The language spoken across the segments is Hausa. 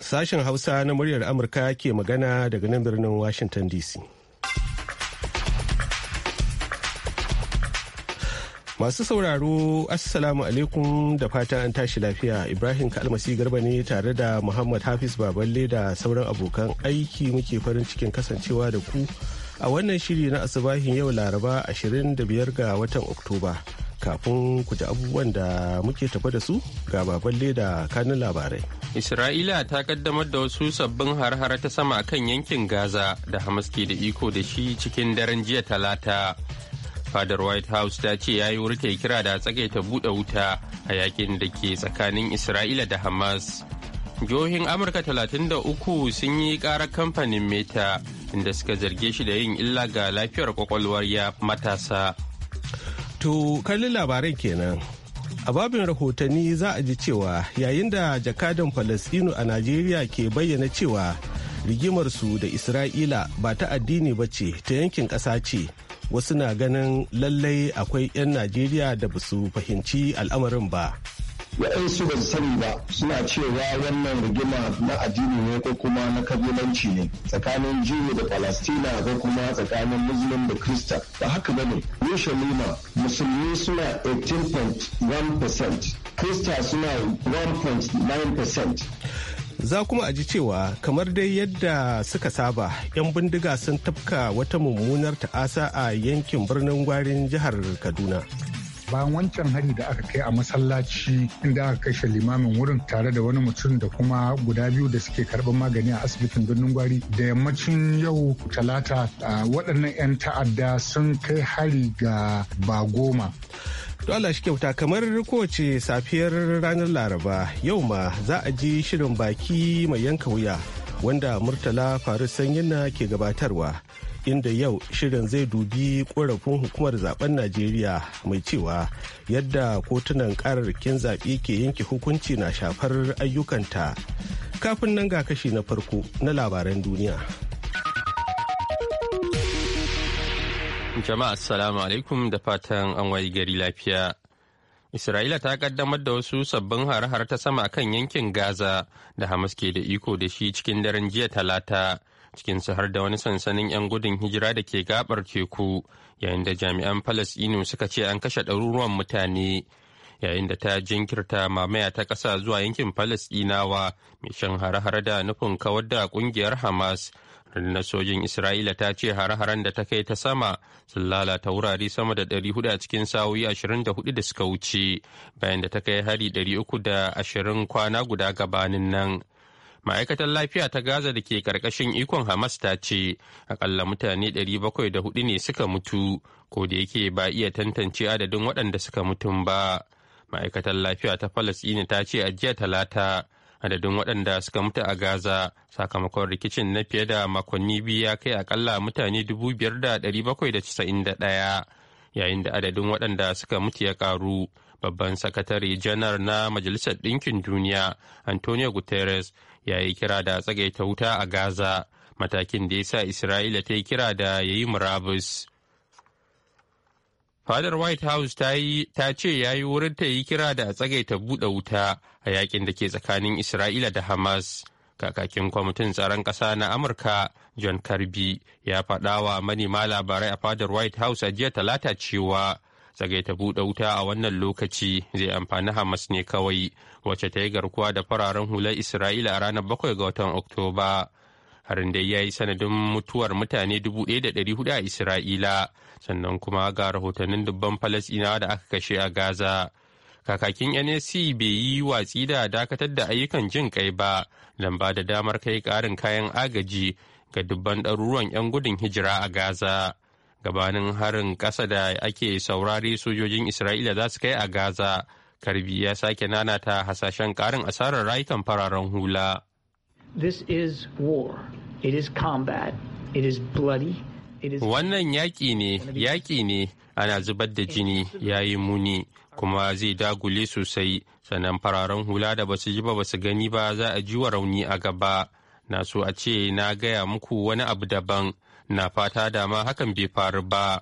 Sashen Hausa na muryar Amurka ke magana daga nan birnin Washington DC. Masu sauraro, Assalamu alaikum da fata an tashi lafiya. Ibrahim Kalmasi Garba ne tare da Muhammad Hafiz Baballe da sauran abokan aiki muke farin cikin kasancewa da ku a wannan shiri na asubahin yau laraba 25 ga watan oktoba kafin ku ji abubuwan da muke tafa da su ga baban leda kanun labarai isra'ila ta kaddamar da wasu sabbin har-hara ta sama kan yankin gaza da hamas ke da iko da shi cikin daren jiya talata fadar white house ta ce ya yi wurke kira da tsakaita buɗe wuta a yakin da ke tsakanin isra'ila da hamas jihohin amurka 33 sun yi karar kamfanin meta inda suka zarge shi da yin illa ga lafiyar kwakwalwar ya matasa to kallon labaran kenan a babin rahotanni za a ji cewa yayin da jakadan falasino a najeriya ke bayyana cewa rigimarsu da isra'ila ba ta addini ba ce ta yankin ƙasa ce wasu na ganin lallai akwai 'yan najeriya da ba su fahimci al'amarin ba waɗansu ba su sani ba suna cewa wannan rigima na addini ne ko kuma na kabilanci ne tsakanin jiwu da palestina ko kuma tsakanin Muslim da Krista ba haka bane Urshalima musulmi suna 18.1% Krista suna 1.9%. Za kuma a ji cewa kamar dai yadda suka saba 'yan bindiga sun tafka wata mummunar ta'asa a yankin birnin gwarin jihar Kaduna. bayan wancan hari da aka kai a masallaci inda aka kashe limamin wurin tare da wani mutum da kuma guda biyu da suke karɓar magani a asibitin birnin gwari da yammacin yau talata waɗannan 'yan ta'adda sun kai hari ga ba goma To Allah shi kyauta kamar kowace safiyar ranar Laraba yau ma za a ji shirin baki mai yanka wuya wanda Murtala faru Sanyina ke gabatarwa. inda yau shirin zai dubi korafin hukumar zaben najeriya mai cewa yadda kotunan kararrakin zaɓe ke yanke hukunci na shafar ayyukanta kafin nan ga kashi na farko na labaran duniya jama'a assalamu alaikum da fatan an wayi gari lafiya Isra'ila ta kaddamar da wasu sabbin har har ta sama kan yankin Gaza da Hamas ke da iko da shi cikin daren jiya talata cikinsu har da wani sansanin 'yan gudun hijira da ke gabar teku yayin da jami'an falasɗinu suka ce an kashe ɗaruruwan mutane yayin da ta jinkirta mamaya ta ƙasa zuwa yankin falasɗinawa mai shan hare-hare da nufin kawar da ƙungiyar hamas rundunar sojin isra'ila ta ce hare-haren da ta kai ta sama sun lalata wurare sama da hudu a cikin sa'o'i ashirin da hudu da suka wuce bayan da ta kai hari uku da ashirin kwana guda gabanin nan ma'aikatar lafiya ta gaza da ke karkashin ikon hamas ta ce akalla mutane 704 ne suka mutu ko da yake ba iya tantance adadin waɗanda suka mutum ba ma'aikatar lafiya ta falasɗina ta ce a jiya talata adadin waɗanda suka mutu a gaza sakamakon rikicin na fiye da makonni biyu ya kai akalla mutane 5,791 yayin da adadin waɗanda suka mutu ya ƙaru babban sakatare janar na majalisar ɗinkin duniya antonio guterres ya yi kira da tsagaita wuta a gaza matakin da ya sa isra'ila ta yi kira da ya yi murabus fadar white house ta ce ya yi wurin ta yi kira da a tsagaita buɗe wuta a yakin da ke tsakanin isra'ila da hamas kakakin kwamitin tsaron ƙasa na amurka john karbi ya faɗa wa manema labarai a fadar white house a jiya talata cewa tsagaita buɗe wuta a wannan lokaci zai amfani hamas ne kawai wacce ta yi garkuwa da fararen hular isra'ila a ranar 7 ga watan oktoba harin dai ya yi sanadin mutuwar mutane 1,400 a isra'ila sannan kuma ga rahotannin dubban falasɗinawa da aka kashe a gaza kakakin nsc bai yi watsi da dakatar da ayyukan jin kai ba don ba da damar kai ƙarin kayan agaji ga dubban ɗaruruwan 'yan gudun hijira a gaza gabanin harin ƙasa da ake saurari sojojin isra'ila za su kai a gaza karbi ya sake nanata hasashen ƙarin asarar rayukan fararen hula this is war it is combat it is bloody wannan yaƙi ne yaƙi ne ana zubar da jini ya yi muni kuma zai dagule sosai sannan fararen hula da basu ji ba basu gani ba za a ji wa rauni a gaba na so a ce na gaya muku wani abu daban na fata dama hakan bai faru ba.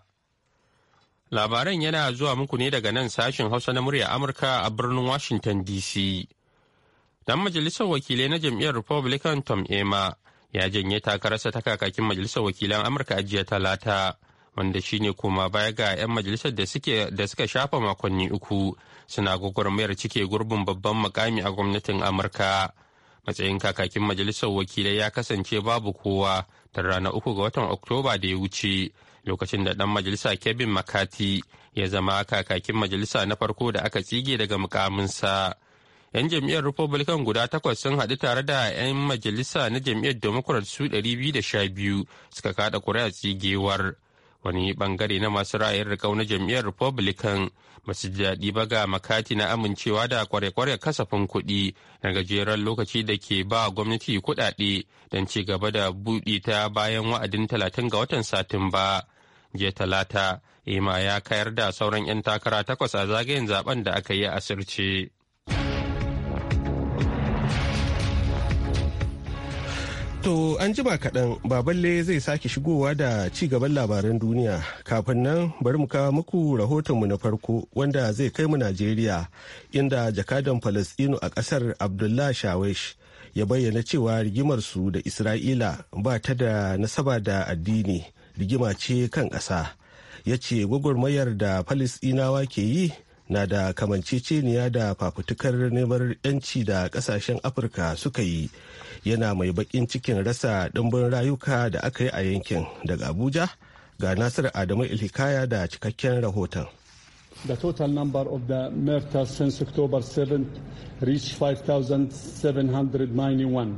Labaran yana zuwa muku ne daga nan sashen Hausa na murya Amurka a birnin Washington DC. Dan majalisar wakilai na jam'iyyar Republican Tom Emma ya janye takararsa ta kakakin majalisar wakilan Amurka a jiya talata. wanda shine koma baya ga 'yan majalisar da da suka shafa makonni uku suna gwagwarmayar cike gurbin babban makami a gwamnatin amurka matsayin kakakin majalisar wakilai ya kasance babu kowa tun ranar uku ga watan oktoba da ya wuce lokacin da ɗan majalisa kevin makati ya zama kakakin majalisa na farko da aka tsige daga mukaminsa. 'yan jam'iyyar republican guda takwas sun haɗu tare da 'yan majalisa na jam'iyyar democrat su 212 suka kada kuri'a tsigewar wani bangare na masu ra'ayin rikau na jam'iyyar republican masu daɗi ba ga makati na amincewa da kware-kware kasafin kuɗi na gajeren lokaci da ke ba gwamnati kuɗaɗe don ci gaba da buɗe ta bayan wa'adin talatin ga watan satumba jiya talata ema ya kayar da sauran 'yan takara takwas a zagayen zaben da aka yi a asirce To an jima kaɗan baballe zai sake shigowa da ci gaban labaran duniya kafin nan bari mu kawo muku mu na farko wanda zai kai mu Najeriya inda jakadan Falasɗinu a ƙasar Abdullah Shawesh ya bayyana cewa rigimar su da Isra'ila ba ta da nasaba da addini rigima ce kan ƙasa. Ya ce gwagwarmayar da Falasɗinawa ke yi na da kamanceceniya da fafutukar neman 'yanci da kasashen afirka suka yi yana mai bakin cikin rasa ɗimbin rayuka da aka yi a yankin daga abuja ga nasir adamu ilhikaya da cikakken rahoton The total number of the murders since October 7 reached 5,791.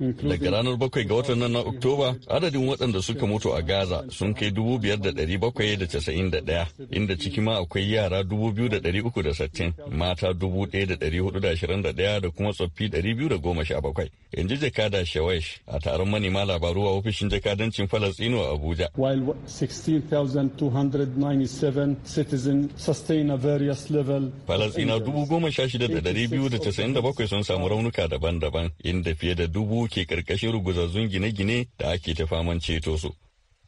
Daga ranar bakwai ga watan nan na Oktoba, adadin waɗanda suka mutu a Gaza sun kai dubu biyar da bakwai da casa'in da inda ciki ma akwai yara dubu biyu da uku da sittin, mata dubu da hudu da ashirin da da kuma tsoffi 217 biyu da goma sha bakwai. In ji jakada Shawesh a taron manema labaru a ofishin jakadancin Falastinu a Abuja. While 16,297 citizens sustain a various level. Falastina dubu goma sha shida da biyu da casa'in da bakwai sun samu raunuka daban-daban, inda fiye da dubu ke karkashin ruguzazzun gine-gine da ake ta faman ceto su.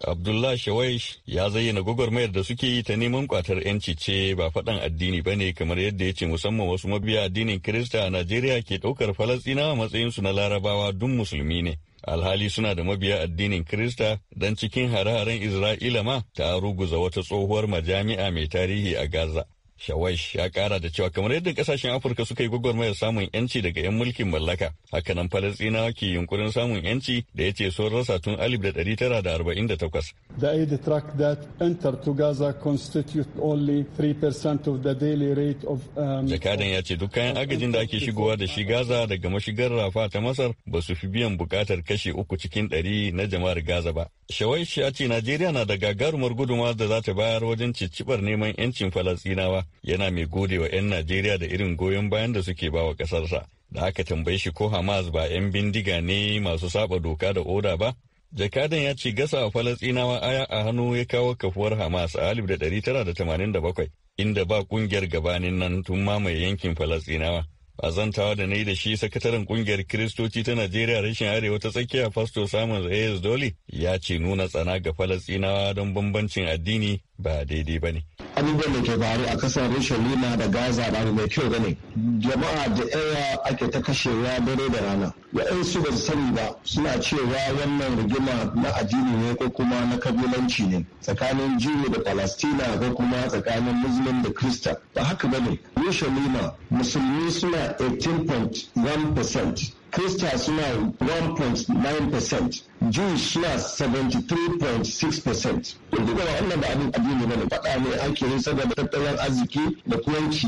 Abdullah Shawaish ya zayyana gwagwarmayar da suke yi ta neman kwatar 'yanci ce ba faɗan addini ba ne kamar yadda ya ce musamman wasu mabiya addinin Kirista a Najeriya ke ɗaukar Falasɗinawa matsayinsu na larabawa dun musulmi ne. alhali suna da mabiya addinin Kirista don cikin hare-haren Isra'ila ma ta ruguza wata tsohuwar majami'a mai tarihi a Gaza. Shawash ya kara da cewa kamar yadda kasashen Afirka suka yi gwagwarmayar samun yanci daga 'yan mulkin mallaka, hakanan Falasɗinawa ke yunkurin samun yanci da ya ce sun rasa tun 1948. The aid track that enter to Gaza constitute only 3% of the daily rate of... Um, Jakadan ya ce duk kayan agajin da ake shigowa da shi Gaza daga mashigar Rafa ta Masar ba su fi biyan bukatar kashe uku cikin ɗari na jama'ar Gaza ba. Shawash ya ce Najeriya na da gagarumar guduma da za ta bayar wajen cicibar neman 'yancin Falasɗinawa. yana mai gode wa 'yan najeriya da irin goyon bayan da suke bawa ƙasarsa da aka tambaye shi ko hamas ba 'yan bindiga ne masu saba doka da oda ba jakadan ya ce gasa wa falastinawa aya a hannu ya kawo kafuwar hamas a 1987 inda ba kungiyar gabanin nan tun mamaye yankin falasɗinawa a da na yi da shi sakataren kungiyar kiristoci ta najeriya rashin arewa ta tsakiya fasto samun reyes dole ya ce nuna tsana ga falasɗinawa don bambancin addini ba daidai ba ne. Abubuwan da ke faru a kasar Rushalima da Gaza ba mai kyau ba ne. Jama'a da yawa ake ta kashewa dare da rana. Waɗansu ba su sani ba suna cewa wannan rigima na addini ne ko kuma na kabilanci ne tsakanin Jiwu da Palestina ko kuma tsakanin Muslim da Krista. Ba haka ba ne. Rushalima musulmi suna 18.1% Krista suna 1.9%, Jews suna 73.6%. Duk da wannan ba abin addini bane faɗa ne ake yin saboda tattalin arziki da kuwanci.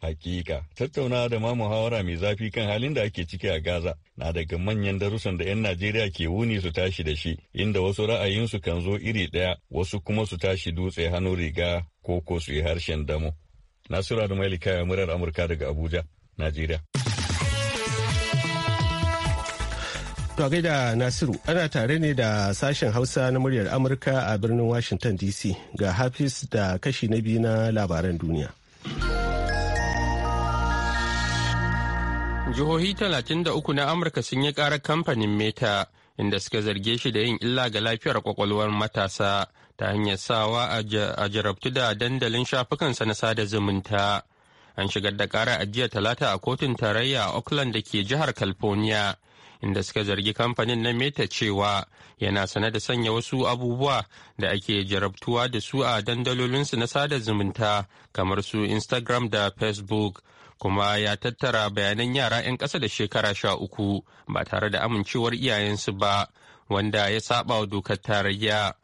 Hakika, tattaunawa da ma muhawara mai zafi kan halin da ake ciki a Gaza na daga manyan darussan da 'yan Najeriya ke wuni su tashi da shi, inda wasu ra'ayinsu kan zo iri ɗaya, wasu kuma su tashi dutse hannu riga ko ko su yi harshen damo. Nasiru Adamu Elika murar Amurka daga Abuja, Najeriya. To gaida Nasiru ana tare ne da sashen Hausa na muryar Amurka a birnin Washington DC ga Hafiz da kashi na biyu na labaran duniya. Jihohi 33 na Amurka sun yi ƙara kamfanin Meta inda suka zarge shi da yin illa ga lafiyar kwakwalwar matasa ta hanyar sawa a jarabtu da dandalin shafukansa na sada zumunta. An shigar da ƙara a jiya talata a kotun tarayya a Auckland da ke jihar California. inda suka zargi kamfanin na meta cewa yana sane da sanya wasu abubuwa da ake jarabtuwa da su a dandalolinsu na sada zumunta kamar su instagram da facebook kuma ya tattara bayanan yara 'yan ƙasa da shekara sha uku ba tare da amincewar iyayensu ba wanda ya saba wa dokar tarayya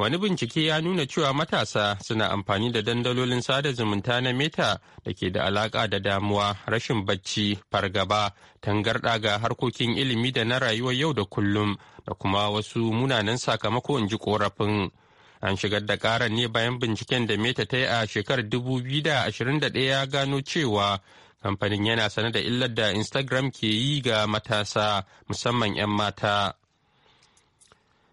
Wani bincike ya nuna cewa matasa suna amfani da dandalolin sada zumunta na meta da ke da alaka da damuwa, rashin bacci, fargaba, tangarɗa ga harkokin ilimi da na rayuwar yau da kullum da kuma wasu munanan sakamako in ji ƙorafin. An shigar da ƙarar ne bayan binciken da meta ta yi a shekarar 2021 ya gano cewa kamfanin yana sane da illar da Instagram ke yi ga matasa musamman 'yan mata.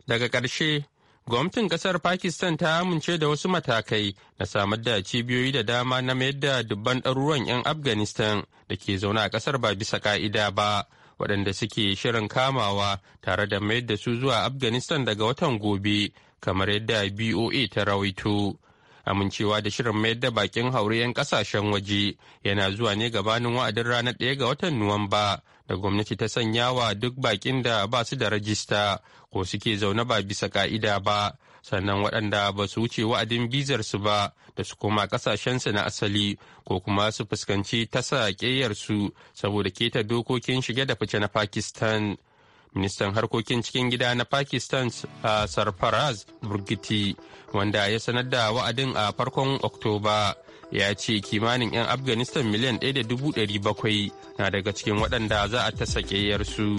Daga ƙarshe. Gwamnatin kasar Pakistan ta amince da wasu matakai na samar da cibiyoyi da dama na mayar da dubban ɗaruruwan 'yan Afghanistan da ke zaune a kasar ba bisa ka'ida ba, waɗanda suke shirin kamawa tare da mayar da su zuwa Afghanistan daga watan gobe, kamar yadda BOA ta rawaito. amincewa da shirin mayar da bakin haure 'yan kasashen waje yana zuwa ne gabanin wa'adin ranar ɗaya ga watan nuwamba da gwamnati ta sanya wa duk bakin da ba su da rajista ko suke zaune ba bisa ka'ida ba sannan waɗanda ba su wuce wa'adin bizar su ba da su koma kasashensu na asali ko kuma su fuskanci tasa su saboda keta dokokin shige da fice na pakistan ministan harkokin cikin gida na pakistan sarfaraz burgiti wanda ya sanar da wa'adin a farkon oktoba ya ce kimanin 'yan afghanistan miliyan 1,700 na daga cikin waɗanda za a ta saƙeyarsu.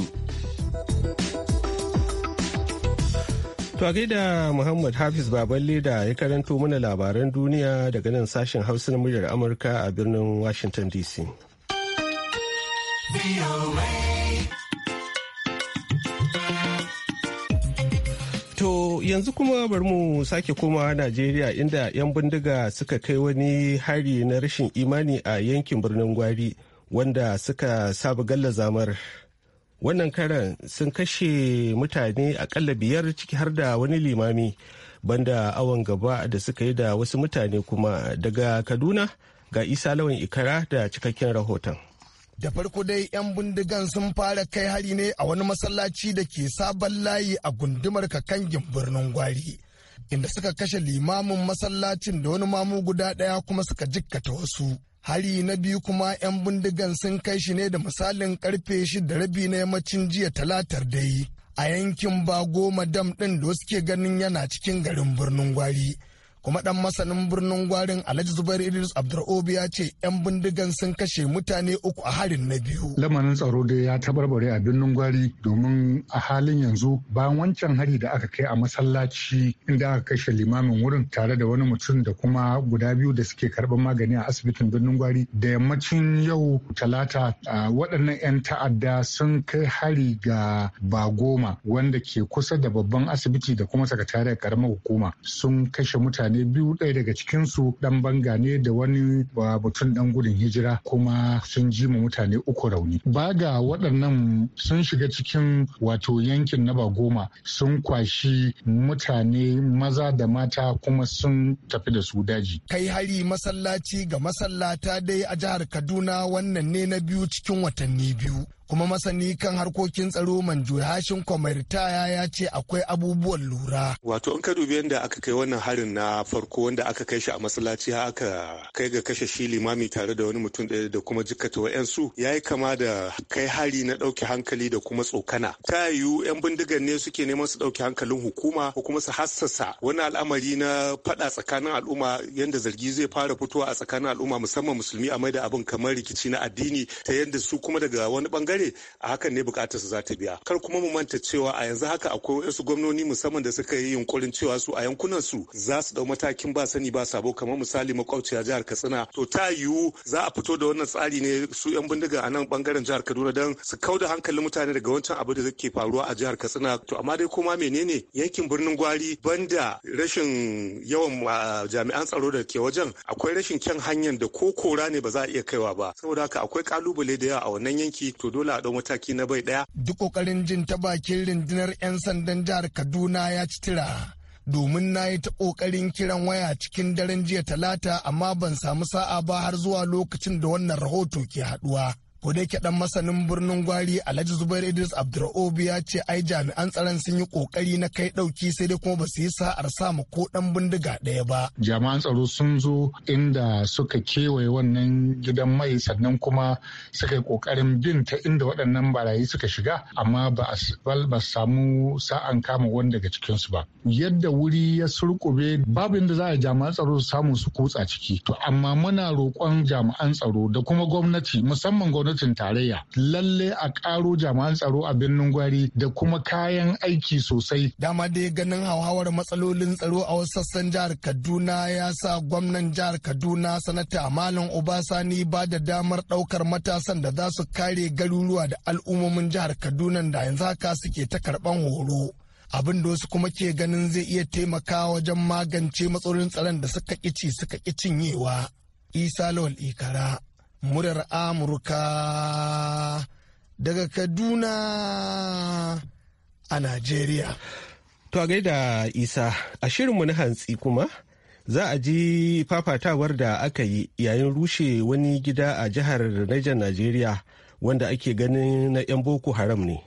To a da Muhammad Hafiz Baballe da ya karanto mana labaran duniya daga nan sashen Hausa na muryar Amurka a birnin Washington DC. To yanzu kuma bari mu sake komawa Najeriya inda 'yan bindiga suka kai wani hari na rashin imani a yankin birnin Gwari wanda suka sabu galla zamar. Wannan karan sun kashe mutane akalla biyar ciki har da wani limami banda awon gaba da suka yi da wasu mutane kuma daga Kaduna ga Isa Lawan Ikara da cikakken rahoton. da farko dai 'yan bindigan sun fara kai hari ne a wani masallaci da ke sabon layi a gundumar kakangin birnin gwari inda suka kashe limamin masallacin da wani mamu guda ɗaya kuma suka jikkata wasu hari na biyu kuma 'yan bindigan sun kai shi ne da misalin karfe shida rabi na yammacin jiya talatar da yi a yankin bago madam ɗin da wasu ke ganin yana cikin garin birnin gwari kuma dan masanin birnin gwarin alhaji zubairu idris abdur'obi ya ce yan bindigan sun kashe mutane uku a harin na biyu lamarin tsaro dai ya tabarbare a birnin gwari domin a halin yanzu bayan wancan hari da aka kai a masallaci inda aka kashe limamin wurin tare da wani mutum da kuma guda biyu da suke karɓar magani a asibitin birnin gwari da yammacin yau talata waɗannan 'yan ta'adda sun kai hari ga ba goma wanda ke kusa da babban asibiti da kuma sakatariyar karamar hukuma sun kashe mutane mutane biyu ɗaya daga cikinsu ɗan banga ne da wani ba mutum ɗan gudun hijira kuma sun ji ma mutane uku rauni. Baga waɗannan sun shiga cikin wato yankin na goma sun kwashi mutane maza da mata kuma sun tafi da su daji. Kai hari masallaci ga masallata dai a jihar Kaduna wannan ne na biyu cikin watanni biyu. kuma masani kan harkokin tsaro man hashin kwamaritaya ya ce akwai abubuwan lura. Wato in ka dubi yadda aka kai wannan harin na farko wanda aka kai shi a masallaci aka kai ga kashe shi limami tare da wani mutum ɗaya da kuma jikkata wa'yansu ya yi kama da kai hari na ɗauke hankali da kuma tsokana. Ta yiwu 'yan bindigan ne suke neman su ɗauke hankalin hukuma ko kuma su hassasa wani al'amari na faɗa tsakanin al'umma yadda zargi zai fara fitowa a tsakanin al'umma musamman musulmi a maida abin kamar rikici na addini ta yadda su kuma daga wani bangare bangare a hakan ne bukatar za ta biya kar kuma mu manta cewa a yanzu haka akwai wasu gwamnoni musamman da suka yi yunkurin cewa su a yankunan su za su dau matakin ba sani ba sabo kamar misali makwabciya jihar Katsina to ta yiwu za a fito da wannan tsari ne su yan bindiga a nan bangaren jihar Kaduna don su kau da hankalin mutane daga wancan abu da zake faruwa a jihar Katsina to amma dai kuma menene yankin birnin Gwari banda rashin yawan jami'an tsaro da ke wajen akwai rashin kyan hanyar da ko kora ne ba za a iya kaiwa ba saboda haka akwai kalubale da yawa a wannan yanki to dole dole a mataki na bai ɗaya. Duk ƙoƙarin jin ta bakin rundunar 'yan sandan jihar Kaduna ya ci tira. Domin na yi ta ƙoƙarin kiran waya cikin daren jiya talata amma ban samu sa'a ba har zuwa lokacin da wannan rahoto ke haɗuwa. ko da yake masanin birnin gwari alhaji zubair idris abdur'obi ya ce ai jami'an tsaron sun yi kokari na kai ɗauki, sai dai kuma ba su yi sa'ar sama ko ɗan bindiga ɗaya ba jami'an tsaro sun zo inda suka kewaye wannan gidan mai sannan kuma suka yi kokarin bin ta inda waɗannan barayi suka shiga amma ba a samu sa'an kama wani daga cikinsu ba yadda wuri ya surkube babu inda za a jami'an tsaro su samu su kutsa ciki to amma muna roƙon jami'an tsaro da kuma gwamnati musamman gwamnati gwamnatin tarayya lalle a karo jami'an tsaro a birnin gwari da kuma kayan aiki sosai. Dama dai ganin hauhawar matsalolin tsaro a wasu sassan jihar Kaduna ya sa gwamnan jihar Kaduna sanata Malam Obasani ba da damar daukar matasan da za su kare garuruwa da al'ummomin jihar Kaduna da yanzu haka suke ta karban horo. abin da wasu kuma ke ganin zai iya taimakawa wajen magance matsalolin tsaron da suka ƙici suka ki cinyewa. Isa Lawal Ikara murar Amurka daga Kaduna a Najeriya. To a gaida Isa, a shirinmu na hantsi kuma za a ji fafatawar da aka yi yayin rushe wani gida a jihar Niger Najeriya wanda ake ganin na 'yan Boko Haram ne.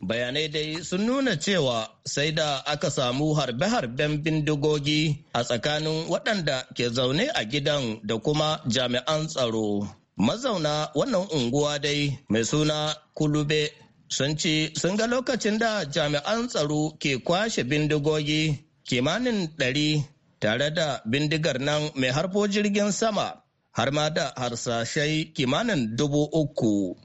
Bayanai dai sun nuna cewa sai da aka samu harbe-harben bindigogi a tsakanin waɗanda ke zaune a gidan da kuma jami'an tsaro. Mazauna wannan unguwa dai mai suna Kulube sun ce sun ga lokacin da jami'an tsaro ke kwashe bindigogi kimanin ɗari tare da bindigar nan mai harfo jirgin sama har ma da harsashai kimanin dubu uku.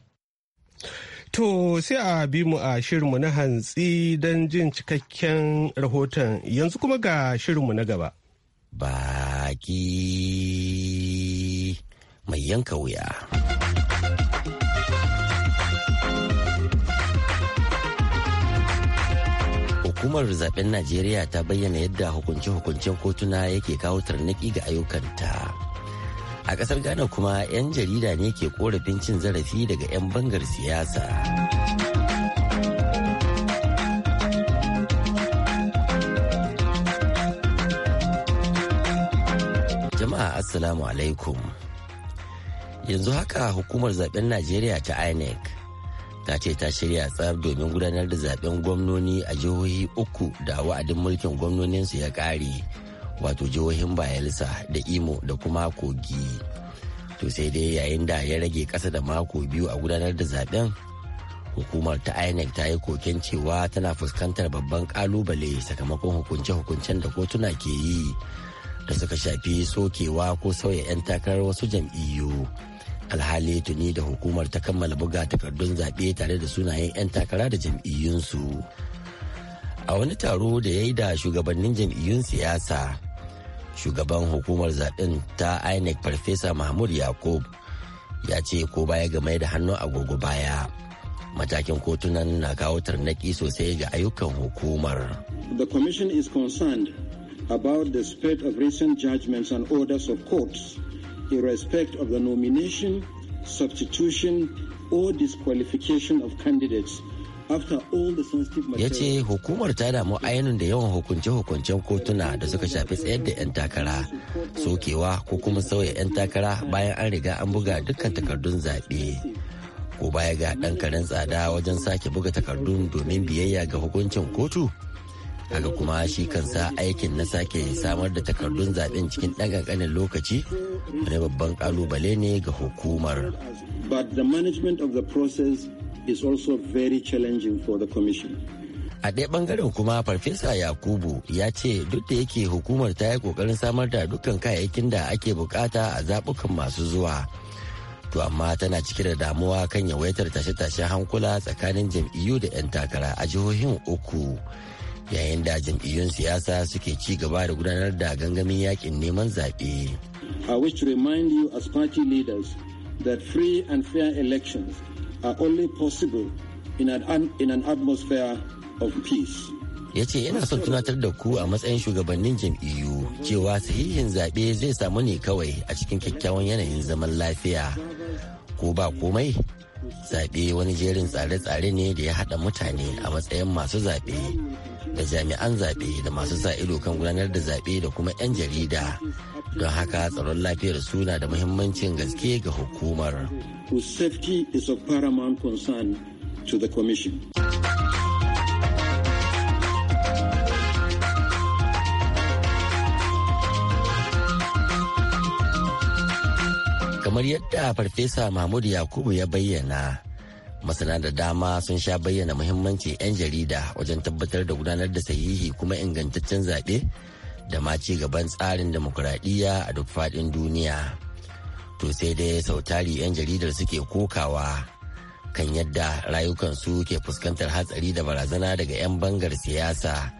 To sai a bi mu a shirinmu na hantsi don jin cikakken rahoton yanzu kuma ga shirinmu na gaba. Baki mai yanka wuya. Hukumar zaben Najeriya ta bayyana yadda hukunce-hukuncen kotuna yake kawo tarnaki ga ayyukanta. A ƙasar Ghana kuma 'yan jarida ne ke korafin cin zarafi daga 'yan bangar siyasa. jama'a assalamu alaikum yanzu haka hukumar zaben najeriya ta inec ta ce ta shirya tsar domin gudanar da zaben gwamnoni a jihohi uku da wa'adin mulkin su ya kare wato jihohin bayelsa da imo da kuma kogi to sai dai yayin da ya rage kasa da mako biyu a gudanar da zaben hukumar ta inec ta yi koken cewa tana fuskantar babban kalubale sakamakon hukunce-hukuncen da kotuna ke yi da suka shafi sokewa ko sauya 'yan takarar wasu jam'iyyu. alhali tuni da hukumar ta kammala buga takardun zaɓe tare da sunayen 'yan takara da jam'iyyunsu a wani taro da ya yi da shugabannin jam'iyyun siyasa shugaban hukumar zaɓen ta inec farfesa mahmud yakub ya ce ko baya ga mai da hannu agogo baya matakin kotunan na kawo tarnaki sosai ga ayyukan hukumar. The commission is concerned about the spread of recent judgments and orders of courts in respect of the nomination, substitution or disqualification of candidates ya ce hukumar ta damu ainihin da yawan hukunce-hukuncen kotuna da suka shafi tsayar da 'yan takara sokewa ko kuma sauya 'yan takara bayan an riga an buga dukkan takardun zaɓe ko baya ga ɗan karin tsada wajen sake buga takardun domin biyayya ga hukuncin kotu haka kuma shi kansa aikin na sake samar da takardun zaben cikin ɗan kanin lokaci wani babban kalubale ne ga hukumar but the management of the process is also very challenging for the a ɗaya ɓangaren kuma farfesa yakubu ya ce duk da yake hukumar ta yi ƙoƙarin samar da dukkan kayayyakin da ake bukata a zaɓukan masu zuwa to amma tana cike da damuwa kan yawaitar tashe-tashen hankula tsakanin jam'iyyu da 'yan takara a jihohin uku yayin da jam'iyyun siyasa suke ci gaba da gudanar da gangamin yakin neman zaɓe. I wish to remind you as party leaders that free and fair elections are only possible in an, in an atmosphere of peace. ya ce yana son tunatar da ku a matsayin shugabannin jam'iyyu cewa sahihin zaɓe zai samu ne kawai a cikin kyakkyawan yanayin zaman lafiya ko ba komai zaɓe wani jerin tsare-tsare ne da ya haɗa mutane a matsayin masu zaɓe da jami'an zaɓe da masu sa ido kan gudanar da zaɓe da kuma 'yan jarida don haka tsaron lafiyar suna da muhimmancin gaske ga hukumar. Kamar yadda Farfesa Mahmud Yakubu ya bayyana, masana da dama sun sha bayyana muhimmanci 'yan jarida wajen tabbatar da gudanar da sahihi kuma ingantaccen zaɓe da ma ci gaban tsarin demokuraɗiyya a duk faɗin duniya to sai dai sautari 'yan jaridar suke kokawa kan yadda rayukansu ke fuskantar hatsari da barazana daga 'yan bangar siyasa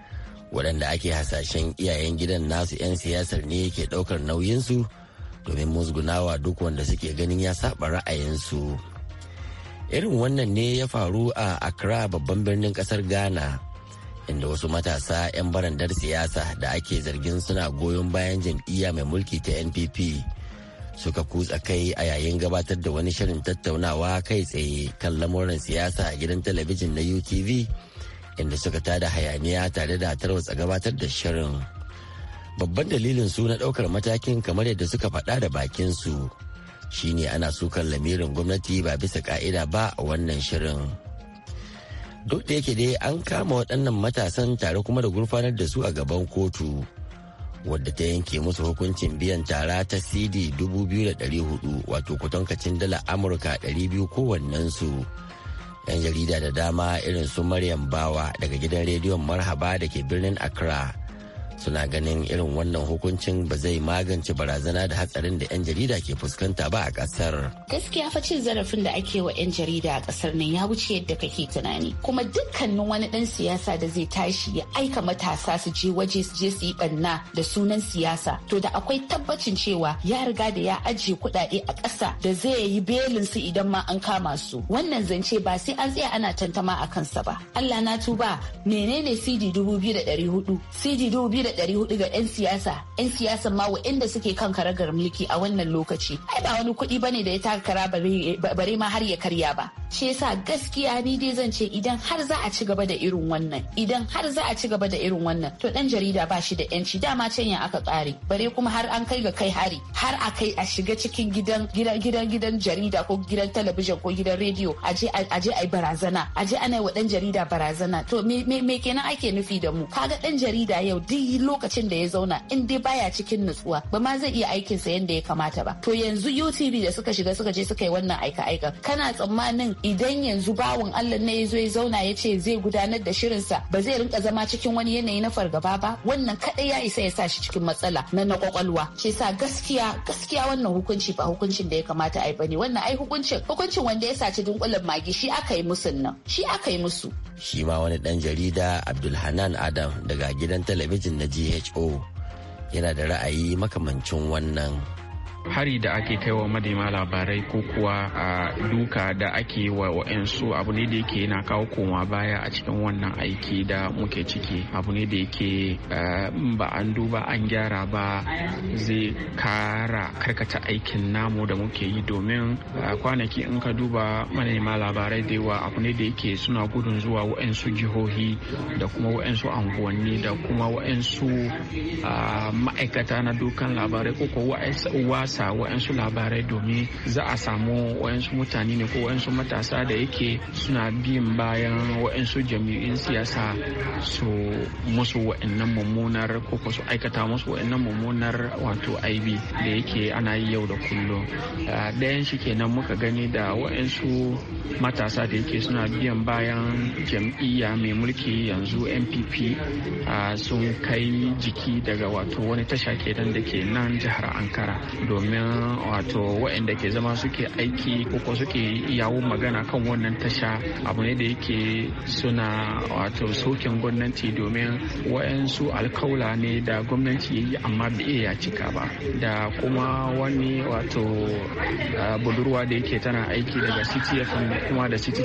waɗanda ake hasashen iyayen gidan nasu 'yan siyasar ne ke ɗaukar nauyinsu domin musgunawa duk wanda suke ganin ya saɓa ra'ayinsu. irin wannan ne ya faru a accra babban birnin kasar ghana inda wasu matasa 'yan barandar siyasa da ake zargin suna goyon bayan jam'iyya mai mulki ta npp suka kutsa kai a yayin gabatar da wani shirin tattaunawa kai tsaye kan lamuran siyasa a gidan talabijin na utv inda suka tada hayaniya tare da tarwatsa gabatar da shirin babban dalilin su na ɗaukar matakin kamar yadda suka faɗa da bakinsu shine ana sukan lamirin gwamnati ba bisa ka'ida ba a wannan shirin duk da yake dai an kama waɗannan matasan tare kuma da gurfanar da su a gaban kotu wadda ta yanke musu hukuncin biyan tara ta cd 2,400 wato kutankacin dala amurka 200 kowannensu yan jarida da dama irin su maryam bawa daga gidan rediyon marhaba da ke birnin accra suna ganin irin wannan hukuncin ba zai magance barazana da hatsarin da 'yan jarida ke fuskanta ba a kasar. Gaskiya fa cin zarafin da ake wa 'yan jarida a kasar nan ya wuce yadda kake tunani. Kuma dukkanin wani dan siyasa da zai tashi ya aika matasa su je waje su je su yi ɓanna da sunan siyasa. To da akwai tabbacin cewa ya riga da ya ajiye kuɗaɗe a ƙasa da zai yi belin su idan ma an kama su. Wannan zance ba sai an tsaya ana tantama a kansa ba. Allah na tuba menene CD dubu biyu da ɗari hudu, CD dubu biyu 400 ga 'yan siyasa 'yan siyasa ma waɗanda suke kan karagar mulki a wannan lokaci ai ba wani kuɗi bane da ya takara bare ma har ya karya ba shi yasa gaskiya ni dai zan ce idan har za a ci gaba da irin wannan idan har za a ci gaba da irin wannan to dan jarida ba shi da yanci dama can ya aka kare bare kuma har an kai ga kai hari har a kai a shiga cikin gidan gidan gidan gidan jarida ko gidan talabijin ko gidan rediyo a je a barazana a je ana wa dan jarida barazana to me kenan ake nufi da mu kaga dan jarida yau duk lokacin da ya zauna in dai baya cikin nutsuwa ba ma zai iya aikin sa yadda ya kamata ba to yanzu UTV da suka shiga suka je suka yi wannan aika aika kana tsammanin idan yanzu bawon Allah ne ya zo ya zauna ya ce zai gudanar da shirin sa ba zai rinka zama cikin wani yanayi na fargaba ba wannan kadai ya isa ya sa shi cikin matsala na na kwakwalwa shi sa gaskiya gaskiya wannan hukunci ba hukuncin da ya kamata a ai bane wannan ai hukuncin hukuncin wanda ya saci dunkulin magi shi aka yi musu nan shi aka yi musu shi ma wani dan jarida Abdulhanan Adam daga gidan talabijin na dho yana da ra'ayi makamancin wannan hari da ake kaiwa wa madema labarai ko kuwa a duka da ake wa wa'ansu abu ne da yake yana kawo koma baya a cikin wannan aiki da muke ciki abu ne da yake ba an duba an gyara ba zai kara karkata aikin namu da muke yi domin kwanaki in ka duba manema labarai da yawa abu ne da yake suna gudun zuwa wa'ansu jihohi da kuma wa'ansu anguwanni da kuma wa'ansu ma'aikata na dukan labarai ko kuwa rasa wa'yansu labarai domin za a samu wa'yansu mutane ne ko wa'yansu matasa da yake suna biyan bayan wa'yansu jami'in siyasa su musu wa'annan mummunar ko su aikata musu waɗannan mummunar wato ib da yake ana yi yau da kullum ɗayan shi kenan muka gani da wa'yansu matasa da yake suna biyan bayan jam'iyya mai mulki yanzu npp sun kai jiki daga wato wani tasha kenan da ke nan jihar ankara domin wato waɗanda ke zama suke aiki ko suke yawon magana kan wannan tasha abu ne da yake suna wato sokin gwamnati domin waɗansu alkaula ne da gwamnati ya yi amma bai iya cika ba da kuma wani wato budurwa da yake tana aiki daga ctf da kuma da city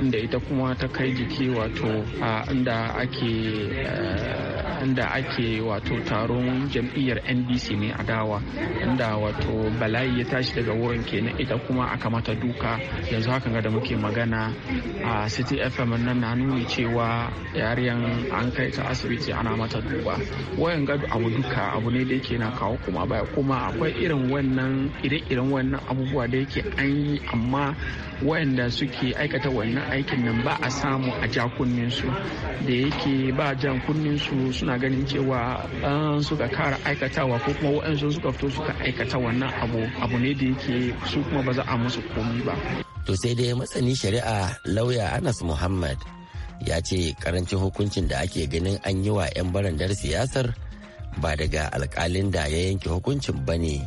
inda ita kuma ta kai jiki wato inda ake inda ake wato taron jam'iyyar ndc ne a dawa inda wato bala'i ya tashi daga wurin kenan ita kuma aka mata duka yanzu haka ga da muke magana a city fm nan na nuni cewa yariyan an kai ta asibiti ana mata duba wayan gado abu duka abu ne da yake na kawo kuma baya kuma akwai irin wannan ire-iren wannan abubuwa da yake an yi amma waɗanda suke aikata wannan aikin nan ba a samu a jakunninsu da yake ba jakunninsu suna ganin cewa an suka kara aikatawa ko kuma waɗansu suka fito suka aikata wannan abu abu ne da yake su kuma ba za a musu komi ba. To sai dai matsani shari'a lauya Anas Muhammad ya ce karancin hukuncin da ake ganin an yi wa 'yan barandar siyasar ba daga alkalin da ya yanke hukuncin ba ne.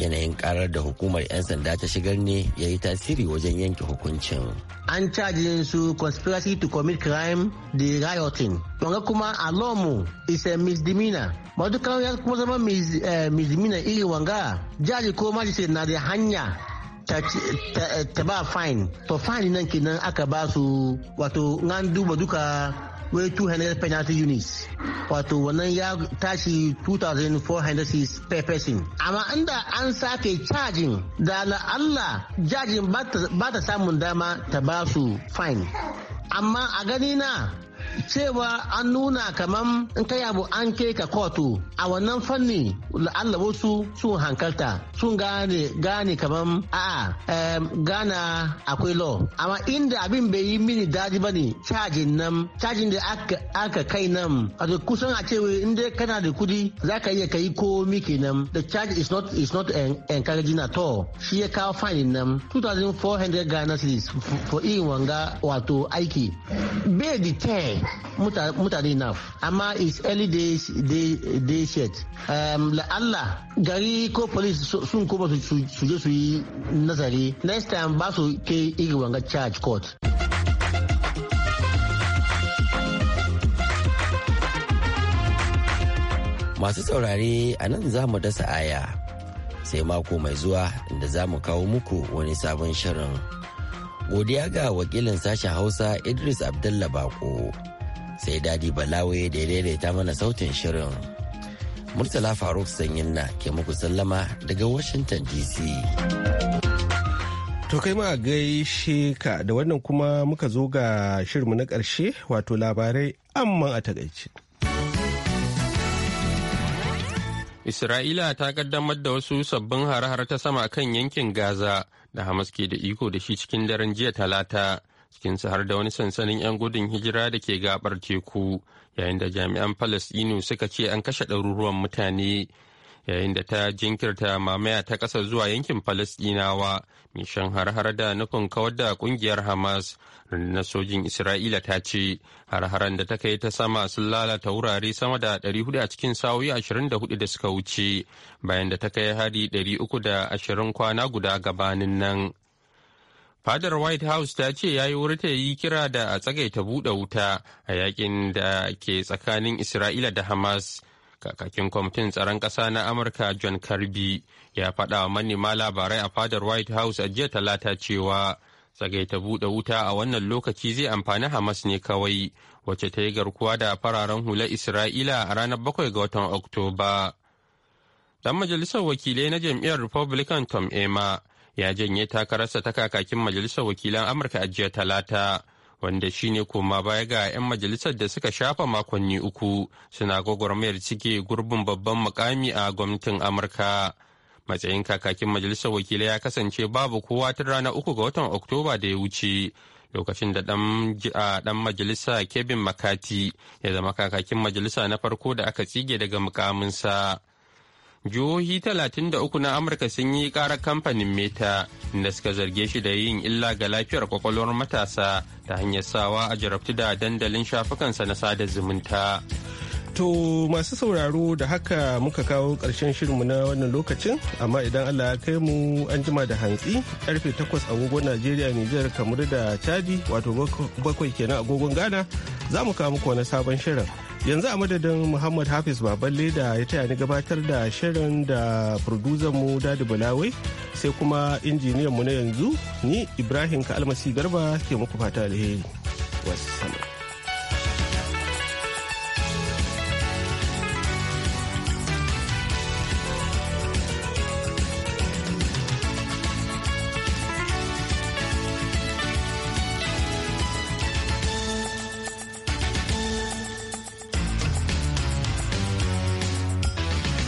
yanayin karar da hukumar 'yan sanda ta shigar ne ya yi tasiri wajen yanke hukuncin an caji su conspiracy to commit crime da rioting wanga kuma alomu is a misdemeanor madukan ya kuma zama eh, misdemeanor iri wanga jaji ko majisai na da hanya ta ba fine to fine nan kenan aka ba su wato an duba duka wai 200 penalty units wato wannan ya tashi 2400 per person amma inda an sake cajin da la'alla jajin ba ta samun dama ta ba su fine amma a gani na cewa an nuna kaman in kai abu an ke ka kotu a wannan fanni la'alla wasu sun hankalta sun gane gane a a'a gana akwai law amma inda abin bai yi mini daji ba ne cajin nan cajin da aka kai nan a kusan a cewa inda kana da kudi za ka iya kai miki nan the charge is not is not encouraging at all shi ya kawo fine nan 2400 ghana cedis for irin wanga wato aiki bai deter mutane na amma is early days day shed um, la'alla gari ko police sun kuma su je su yi nazari next time ba su ke iri wanga charge court masu saurare a nan za mu dasa aya sai mako mai zuwa da za mu kawo muku wani sabon shirin. godiya ga wakilin sashen hausa idris abdullah bako sai dadi balawe da ya daidaita mana sautin shirin murtala faruk sanyin na ke muku sallama daga washington dc to kai ma gaishe ka da wannan kuma muka zo ga shirinmu na ƙarshe wato labarai amma a takaice. Isra'ila ta kaddamar da wasu sabbin har-har ta sama kan yankin Gaza da Hamas ke da iko da shi cikin daren jiya talata cikinsu har da wani sansanin 'yan gudun hijira da ke gabar teku yayin da jami'an Falasɗinu suka ce an kashe ɗaruruwan mutane yayin da ta jinkirta mamaya ta ƙasa zuwa yankin falasɗinawa mishan har-har da nufin kawar da ƙungiyar hamas rundunar sojin isra'ila ta ce har-haren da ta kai ta sama sun lalata wurare sama da 400 a cikin sa'o'i 24 da suka wuce bayan da ta kai hari 320 kwana guda gabanin nan fadar white house ta ce ya yi wuri ta yi kira da a tsagaita buɗe wuta a yakin da ke tsakanin isra'ila da hamas kakakin kwamitin tsaron ƙasa na amurka john karbi ya faɗa wa manema labarai a fadar white house a jiya talata cewa tsagaita buɗe wuta a wannan lokaci zai amfani hamas ne kawai wacce ta yi garkuwa da fararen hula isra'ila a ranar bakwai ga watan oktoba dan majalisar wakilai na jam'iyyar republican tom emma ya janye takararsa ta kakakin majalisar wakilan amurka a jiya talata wanda shine koma baya ga 'yan majalisar da suka shafa makonni uku suna gwagwarmayar cike gurbin babban mukami a gwamnatin amurka matsayin kakakin majalisar wakilai ya kasance babu kowa tun rana uku ga watan oktoba da ya wuce lokacin da dan majalisa kevin makati ya zama kakakin majalisa na farko da aka tsige daga mukaminsa jihohi talatin da uku na amurka sun yi karar kamfanin meta inda suka zarge shi da yin illa ga lafiyar kwakwalwar matasa ta hanyar sawa a jarabtu da dandalin shafukansa na sada zumunta. To masu sauraro da haka muka kawo ƙarshen shirinmu na wannan lokacin, amma idan Allah ya kai mu an jima da hantsi karfe takwas agogon Najeriya Nijar kamar da Chadi wato bakwai kenan agogon Ghana za mu kawo muku wani sabon shirin. yanzu a madadin muhammad hafiz baballe da ya taya ni gabatar da shirin da mu dadi balawai sai kuma injiniyan mu na yanzu ni ibrahim ka almasi garba ke muku fata alheri wasu